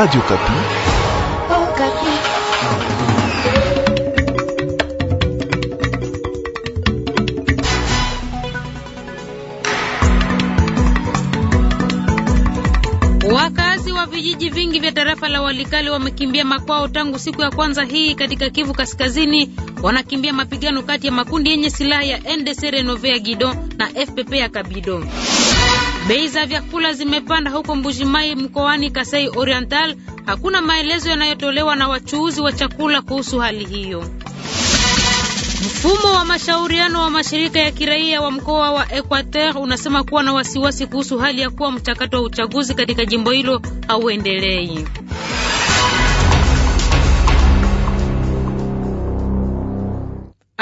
Radio Kapi. Oh, Kapi. Wakazi wa vijiji vingi vya tarafa la Walikale wamekimbia makwao tangu siku ya kwanza hii katika Kivu Kaskazini. Wanakimbia mapigano kati ya makundi yenye silaha ya NDC Renove ya Gido na FPP ya Kabido. Bei za vyakula zimepanda huko Mbujimai mkoani Kasai Oriental. Hakuna maelezo yanayotolewa na wachuuzi wa chakula kuhusu hali hiyo. Mfumo wa mashauriano wa mashirika ya kiraia wa mkoa wa Equateur unasema kuwa na wasiwasi kuhusu hali ya kuwa mchakato wa uchaguzi katika jimbo hilo hauendelei.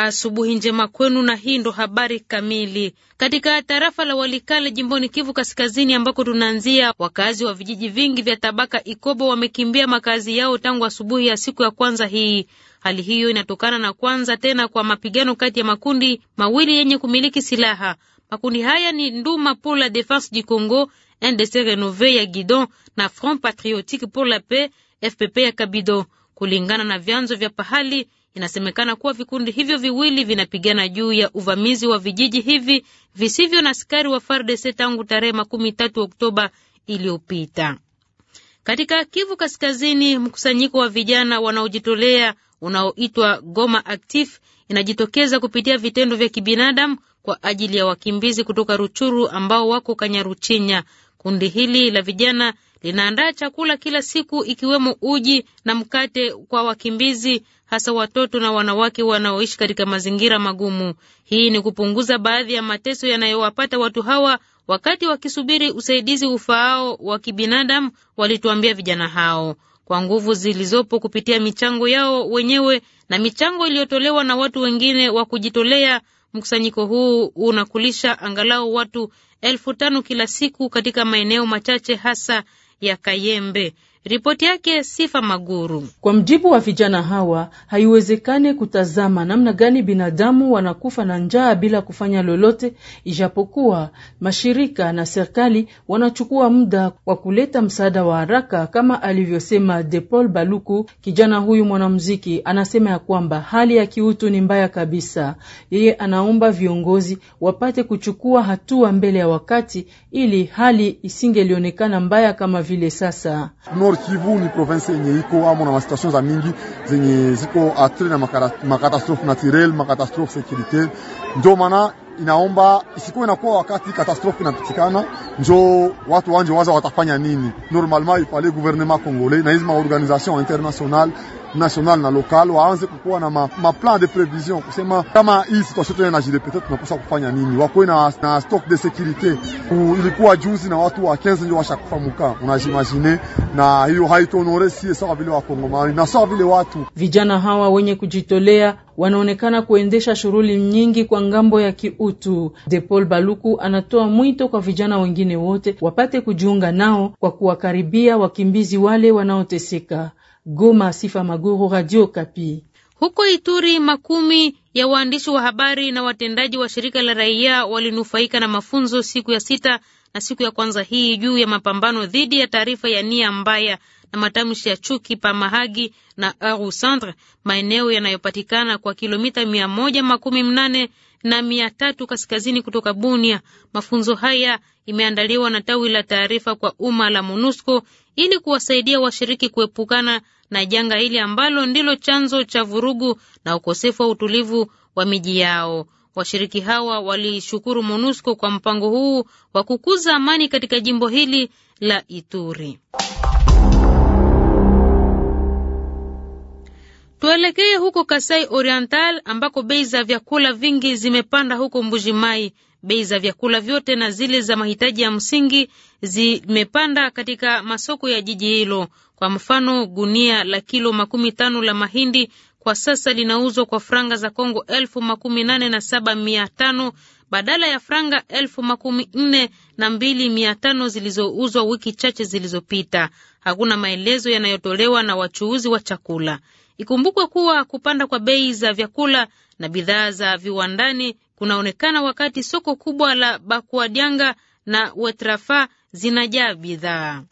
Asubuhi njema kwenu, na hii ndo habari kamili. Katika tarafa la Walikale jimboni Kivu Kaskazini ambako tunaanzia, wakazi wa vijiji vingi vya tabaka Ikobo wamekimbia makazi yao tangu asubuhi ya siku ya kwanza hii. Hali hiyo inatokana na kwanza tena kwa mapigano kati ya makundi mawili yenye kumiliki silaha. Makundi haya ni Nduma pour la Defense du Congo NDC Renove ya Guidon na Front Patriotique pour la Paix FPP ya Kabido. Kulingana na vyanzo vya pahali Inasemekana kuwa vikundi hivyo viwili vinapigana juu ya uvamizi wa vijiji hivi visivyo na askari wa FARDC e tangu tarehe makumi tatu Oktoba iliyopita. Katika Kivu Kaskazini, mkusanyiko wa vijana wanaojitolea unaoitwa Goma Active inajitokeza kupitia vitendo vya kibinadamu kwa ajili ya wakimbizi kutoka Ruchuru ambao wako Kanyaruchinya. Kundi hili la vijana linaandaa chakula kila siku ikiwemo uji na mkate kwa wakimbizi, hasa watoto na wanawake wanaoishi katika mazingira magumu. Hii ni kupunguza baadhi ya mateso yanayowapata watu hawa wakati wakisubiri usaidizi ufaao wa kibinadamu, walituambia vijana hao kwa nguvu zilizopo kupitia michango yao wenyewe na michango iliyotolewa na watu wengine wa kujitolea. Mkusanyiko huu unakulisha angalau watu elfu tano kila siku katika maeneo machache hasa ya Kayembe. Ripoti yake Sifa Maguru. Kwa mjibu wa vijana hawa, haiwezekani kutazama namna gani binadamu wanakufa na njaa bila kufanya lolote, ijapokuwa mashirika na serikali wanachukua muda wa kuleta msaada wa haraka, kama alivyosema De Paul Baluku. Kijana huyu mwanamuziki anasema ya kwamba hali ya kiutu ni mbaya kabisa. Yeye anaomba viongozi wapate kuchukua hatua mbele ya wakati, ili hali isingelionekana mbaya kama vile sasa Kivu ni province yenye iko amo na masituasyon za mingi zenye ziko atre na makatastrofe naturel, makatastrofe sekirite. Ndio maana inaomba isikuwe inakuwa wakati katastrofe inapitikana, njo watu wanje waza watafanya nini. Normalement il fallait gouvernement congolais na hizi maorganisation internationale national na local waanze kukuwa na ma, ma plan de prevision kusema kama hii situation tena inajirepeta, tunapaswa kufanya nini? Wakuwe na, na stock de securite. Ilikuwa juzi na watu wa 15 ndio washakufa muka, unajimagine, na hiyo haitonore sie sawa vile wakongomani na sawa vile watu. Vijana hawa wenye kujitolea wanaonekana kuendesha shughuli nyingi kwa ngambo ya kiutu. De Paul Baluku anatoa mwito kwa vijana wengine wote wapate kujiunga nao kwa kuwakaribia wakimbizi wale wanaoteseka. Goma, Sifa Maguru, Radio Kapi. Huko Ituri, makumi ya waandishi wa habari na watendaji wa shirika la raia walinufaika na mafunzo siku ya sita na siku ya kwanza hii juu ya mapambano dhidi ya taarifa ya nia mbaya na matamshi ya chuki pa Mahagi na Aru Centre, maeneo yanayopatikana kwa kilomita mia moja makumi mnane na mia tatu kaskazini kutoka Bunia. Mafunzo haya imeandaliwa na tawi la taarifa kwa umma la MONUSCO ili kuwasaidia washiriki kuepukana na janga hili ambalo ndilo chanzo cha vurugu na ukosefu wa utulivu wa miji yao. Washiriki hawa walishukuru MONUSCO kwa mpango huu wa kukuza amani katika jimbo hili la Ituri. Tuelekee huko Kasai Oriental ambako bei za vyakula vingi zimepanda huko mbuji mai Bei za vyakula vyote na zile za mahitaji ya msingi zimepanda katika masoko ya jiji hilo. Kwa mfano, gunia la kilo makumi tano la mahindi kwa sasa linauzwa kwa franga za Kongo elfu makumi nane na saba mia tano badala ya franga elfu makumi nne na mbili mia tano zilizouzwa wiki chache zilizopita. Hakuna maelezo yanayotolewa na wachuuzi wa chakula. Ikumbukwe kuwa kupanda kwa bei za vyakula na bidhaa za viwandani kunaonekana wakati soko kubwa la Bakuadianga na Wetrafa zinajaa bidhaa.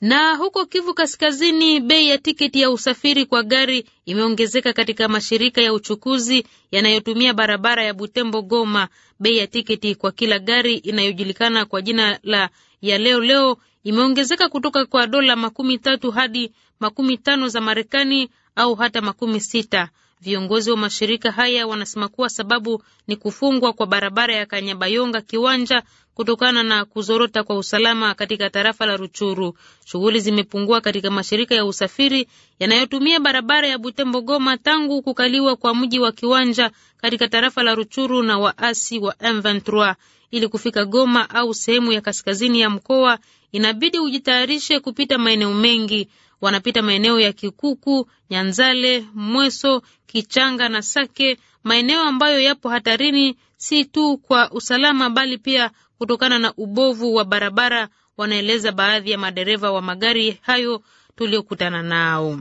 Na huko Kivu Kaskazini, bei ya tiketi ya usafiri kwa gari imeongezeka katika mashirika ya uchukuzi yanayotumia barabara ya Butembo Goma. Bei ya tiketi kwa kila gari inayojulikana kwa jina la ya leo leo imeongezeka kutoka kwa dola makumi tatu hadi makumi tano za Marekani au hata makumi sita Viongozi wa mashirika haya wanasema kuwa sababu ni kufungwa kwa barabara ya Kanyabayonga Kiwanja kutokana na kuzorota kwa usalama katika tarafa la Ruchuru. Shughuli zimepungua katika mashirika ya usafiri yanayotumia barabara ya Butembo Goma tangu kukaliwa kwa mji wa Kiwanja katika tarafa la Ruchuru na waasi wa M23. Ili kufika Goma au sehemu ya kaskazini ya mkoa, inabidi ujitayarishe kupita maeneo mengi. Wanapita maeneo ya Kikuku, Nyanzale, Mweso Kichanga na Sake, maeneo ambayo yapo hatarini si tu kwa usalama bali pia kutokana na ubovu wa barabara, wanaeleza baadhi ya madereva wa magari hayo tuliokutana nao.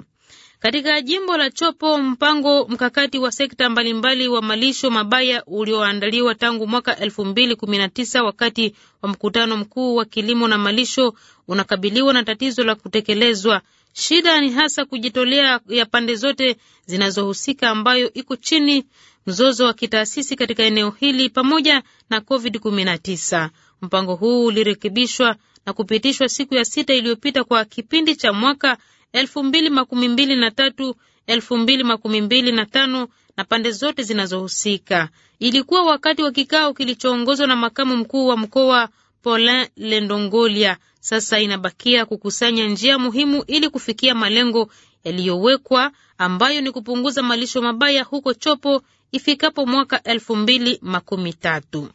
Katika jimbo la Chopo, mpango mkakati wa sekta mbalimbali wa malisho mabaya ulioandaliwa tangu mwaka 2019 wakati wa mkutano mkuu wa kilimo na malisho unakabiliwa na tatizo la kutekelezwa. Shida ni hasa kujitolea ya pande zote zinazohusika ambayo iko chini mzozo wa kitaasisi katika eneo hili pamoja na COVID-19. Mpango huu ulirekebishwa na kupitishwa siku ya sita iliyopita kwa kipindi cha mwaka 2023 2025 na pande zote zinazohusika. Ilikuwa wakati wa kikao kilichoongozwa na makamu mkuu wa mkoa Paulin Lendongolia sasa inabakia kukusanya njia muhimu ili kufikia malengo yaliyowekwa ambayo ni kupunguza malisho mabaya huko Chopo ifikapo mwaka elfu mbili makumi tatu.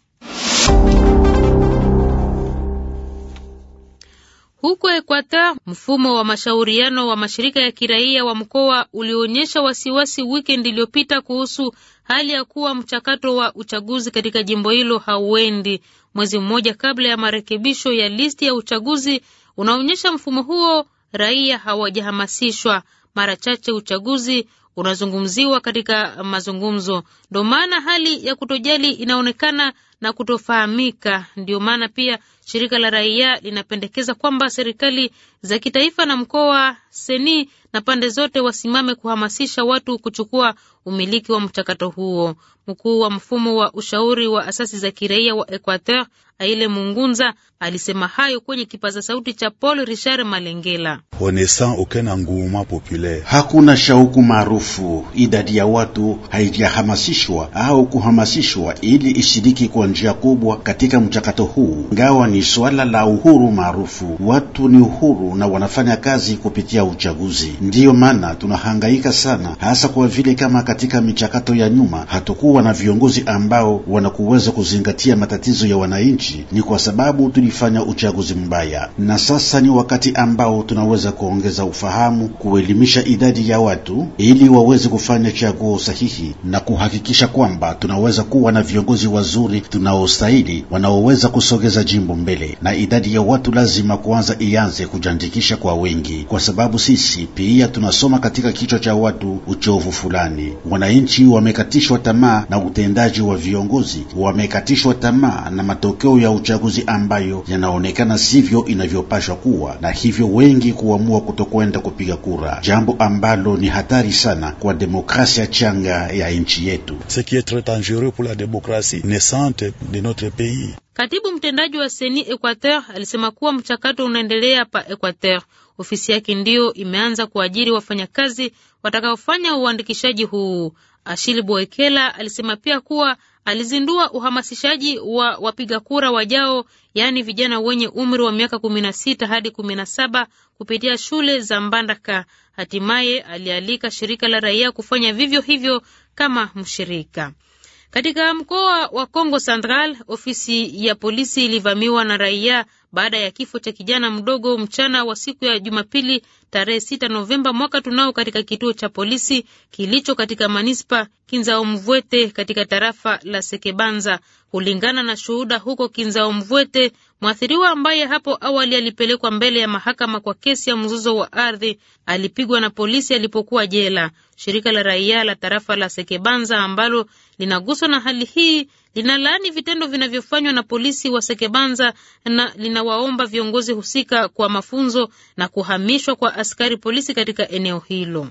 Huko Equateur, mfumo wa mashauriano wa mashirika ya kiraia wa mkoa ulionyesha wasiwasi weekend iliyopita kuhusu hali ya kuwa mchakato wa uchaguzi katika jimbo hilo hauendi, mwezi mmoja kabla ya marekebisho ya listi ya uchaguzi unaonyesha mfumo huo raia hawajahamasishwa. Mara chache uchaguzi unazungumziwa katika mazungumzo, ndo maana hali ya kutojali inaonekana na kutofahamika. ndio maana pia shirika la raia linapendekeza kwamba serikali za kitaifa na mkoa, seni na pande zote wasimame kuhamasisha watu kuchukua umiliki wa mchakato huo. Mkuu wa mfumo wa ushauri wa asasi za kiraia wa Equateur Aile Mungunza alisema hayo kwenye kipaza sauti cha Paul Richard Malengela. Hakuna shauku maarufu, idadi ya watu haijahamasishwa au kuhamasishwa ili ishiriki kwa njia kubwa katika mchakato huu, ingawa ni swala la uhuru maarufu. Watu ni uhuru na wanafanya kazi kupitia uchaguzi. Ndiyo maana tunahangaika sana, hasa kwa vile kama katika michakato ya nyuma hatukuwa na viongozi ambao wanakuweza kuzingatia matatizo ya wananchi nchi, ni kwa sababu tulifanya uchaguzi mbaya, na sasa ni wakati ambao tunaweza kuongeza ufahamu, kuelimisha idadi ya watu ili waweze kufanya chaguo sahihi na kuhakikisha kwamba tunaweza kuwa na viongozi wazuri tunaostahili, wanaoweza kusogeza jimbo mbele. Na idadi ya watu lazima kuanza ianze kujiandikisha kwa wengi kwa sababu sisi pia tunasoma katika kichwa cha watu uchovu fulani. Wananchi wamekatishwa tamaa na utendaji wa viongozi, wamekatishwa tamaa na matokeo matokeo ya uchaguzi ambayo yanaonekana sivyo inavyopashwa kuwa, na hivyo wengi kuamua kutokwenda kupiga kura, jambo ambalo ni hatari sana kwa demokrasia changa ya nchi yetu. Ce qui est dangereux pour la naissante de notre pays. Katibu mtendaji wa Seni Equateur alisema kuwa mchakato unaendelea pa Equateur ofisi yake ndiyo imeanza kuajiri wafanyakazi watakaofanya uandikishaji huu. Ashili Boekela alisema pia kuwa alizindua uhamasishaji wa wapiga kura wajao, yaani vijana wenye umri wa miaka kumi na sita hadi kumi na saba kupitia shule za Mbandaka. Hatimaye alialika shirika la raia kufanya vivyo hivyo kama mshirika. Katika mkoa wa Kongo Central, ofisi ya polisi ilivamiwa na raia baada ya kifo cha kijana mdogo mchana wa siku ya Jumapili tarehe 6 Novemba mwaka tunao katika kituo cha polisi kilicho katika manispa Kinzao Mvwete katika tarafa la Sekebanza. Kulingana na shuhuda huko Kinzao Mvwete, mwathiriwa ambaye hapo awali alipelekwa mbele ya mahakama kwa kesi ya mzozo wa ardhi alipigwa na polisi alipokuwa jela. Shirika la raia la tarafa la Sekebanza ambalo linaguswa na hali hii, linalaani vitendo vinavyofanywa na polisi wa Sekebanza na linawaomba viongozi husika kwa mafunzo na kuhamishwa kwa askari polisi katika eneo hilo.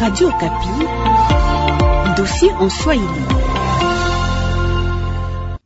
Radio Kapi, en Swahili.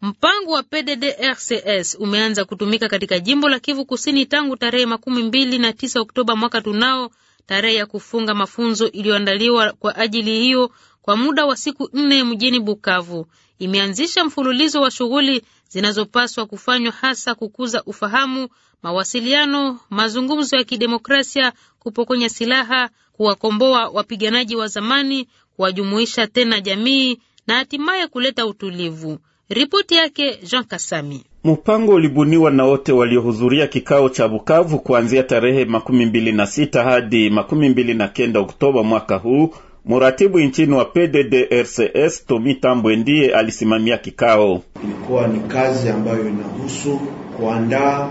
Mpango wa PDDRCS umeanza kutumika katika jimbo la Kivu Kusini tangu tarehe makumi mbili na tisa Oktoba mwaka tunao tarehe ya kufunga mafunzo iliyoandaliwa kwa ajili hiyo kwa muda wa siku nne mjini Bukavu imeanzisha mfululizo wa shughuli zinazopaswa kufanywa hasa kukuza ufahamu, mawasiliano, mazungumzo ya kidemokrasia, kupokonya silaha, kuwakomboa wapiganaji wa zamani, kuwajumuisha tena jamii na hatimaye kuleta utulivu. Ripoti yake Jean Kasami. Mpango ulibuniwa na wote waliohudhuria kikao cha Bukavu kuanzia tarehe makumi mbili na sita hadi makumi mbili na kenda Oktoba mwaka huu. Muratibu nchini wa PDDRCS Tomi Tambwe ndiye alisimamia kikao. Ilikuwa ni kazi ambayo inahusu kuandaa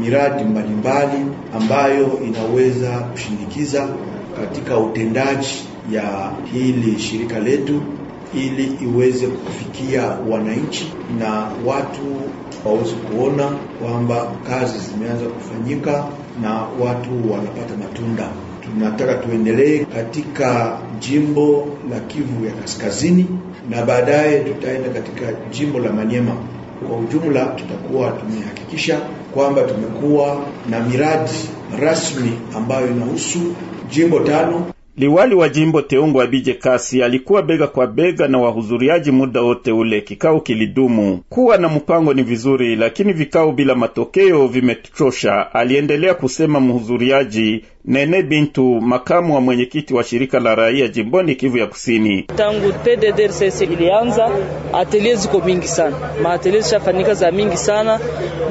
miradi mbalimbali ambayo inaweza kushindikiza katika utendaji ya hili shirika letu ili iweze kufikia wananchi na watu waweze kuona kwamba kazi zimeanza kufanyika na watu wanapata matunda. Tunataka tuendelee katika jimbo la Kivu ya Kaskazini na baadaye tutaenda katika jimbo la manyema Kwa ujumla, tutakuwa tumehakikisha kwamba tumekuwa na miradi rasmi ambayo inahusu jimbo tano. Liwali wa jimbo Teungwa Bije Kasi alikuwa bega kwa bega na wahudhuriaji muda wote ule. Kikao kilidumu. Kuwa na mpango ni vizuri, lakini vikao bila matokeo vimetuchosha, aliendelea kusema mhudhuriaji Nene Bintu, makamu wa mwenyekiti wa shirika la raia jimboni Kivu ya Kusini. Tangu TDDRCS ilianza, atelier ziko mingi sana, maatelier zishafanyika za mingi sana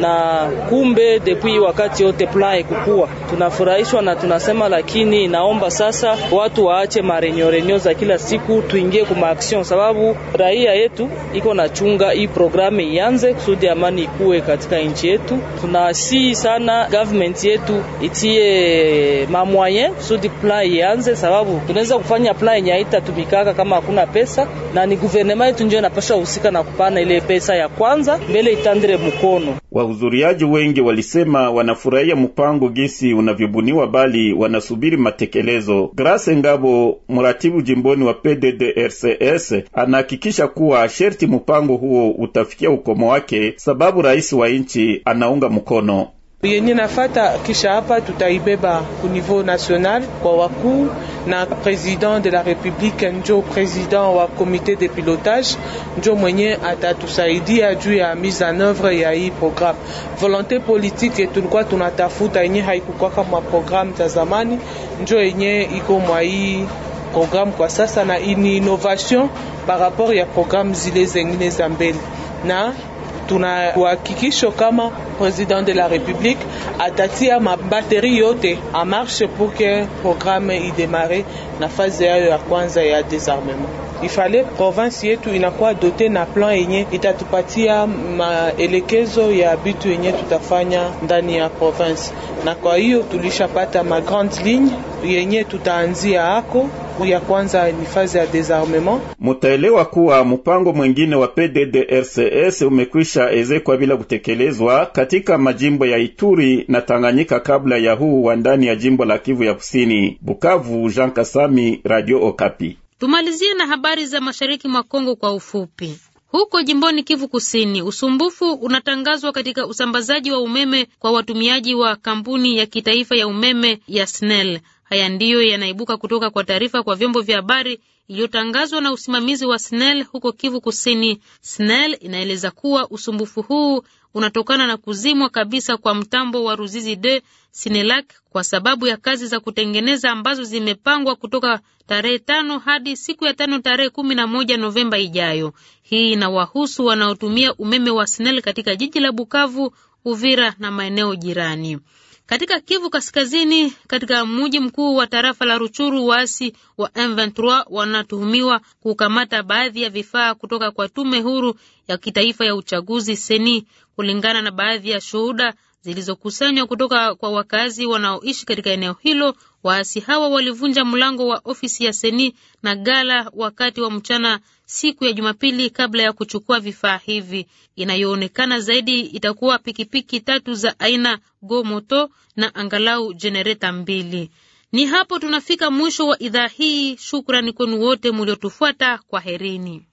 na kumbe, depuis wakati yote plan kukua, tunafurahishwa na tunasema, lakini naomba sasa watu waache marenyo renyo za kila siku, tuingie kwa action, sababu raia yetu iko na chunga hii programu ianze kusudi amani ikuwe katika nchi yetu. tunasii sana government yetu itie mamwaye kusudi plan ianze, sababu tunaweza kufanya plan yenye haitatumikaka kama hakuna pesa, na ni guvernema yetu ndio inapaswa husika na kupana ile pesa ya kwanza mbele itandire mkono. Wahudhuriaji wengi walisema wanafurahia mpango gisi unavyobuniwa, bali wanasubiri matekelezo Gras Grace Ngabo, mratibu jimboni wa PDDRCS, anahakikisha kuwa sherti mpango huo utafikia ukomo wake, sababu rais wa nchi anaunga mkono yenye nafata kisha hapa national kwa de la République, njo président wa comité de pilotage njo mwenye mise en oeuvre ya hii programme. volonté politique tunatafuta yenye programme za njo yenye iko programme kwa sasa, na innovation par rapport ya programme zile zengine za tuna uhakikisho kama president de la republique atatia mabateri yote en marche pour que programme idemare na fase yayo ya kwanza ya desarmement. Ifale province yetu inakuwa dote na plan yenye itatupatia maelekezo ya bitu yenye tutafanya ndani ya province, na kwa hiyo tulishapata ma grande ligne yenye tutaanzia hako ya kwanza ni fazi ya desarmement. Mutaelewa kuwa mpango mwengine wa PDDRCS umekwisha ezekwa bila kutekelezwa katika majimbo ya Ituri na Tanganyika kabla ya huu wa ndani ya jimbo la Kivu ya Kusini. Bukavu, Jean Kasami, Radio Okapi. Tumalizie na habari za mashariki mwa Kongo kwa ufupi. Huko jimboni Kivu Kusini, usumbufu unatangazwa katika usambazaji wa umeme kwa watumiaji wa kampuni ya kitaifa ya umeme ya SNEL. Haya ndiyo yanaibuka kutoka kwa taarifa kwa vyombo vya habari iliyotangazwa na usimamizi wa SNEL huko Kivu Kusini. SNEL inaeleza kuwa usumbufu huu unatokana na kuzimwa kabisa kwa mtambo wa Ruzizi de Sinelak kwa sababu ya kazi za kutengeneza ambazo zimepangwa kutoka tarehe tano hadi siku ya tano tarehe kumi na moja Novemba ijayo. Hii inawahusu wanaotumia umeme wa SNEL katika jiji la Bukavu, Uvira na maeneo jirani. Katika Kivu Kaskazini, katika mji mkuu wa tarafa la Ruchuru, waasi wa M23 wanatuhumiwa kukamata baadhi ya vifaa kutoka kwa tume huru ya kitaifa ya uchaguzi seni, kulingana na baadhi ya shuhuda zilizokusanywa kutoka kwa wakazi wanaoishi katika eneo hilo. Waasi hawa walivunja mlango wa ofisi ya seni na gala wakati wa mchana siku ya Jumapili kabla ya kuchukua vifaa hivi. Inayoonekana zaidi itakuwa pikipiki tatu za aina Gomoto na angalau jenereta mbili. Ni hapo tunafika mwisho wa idhaa hii. Shukrani kwenu wote mliotufuata. Kwa herini.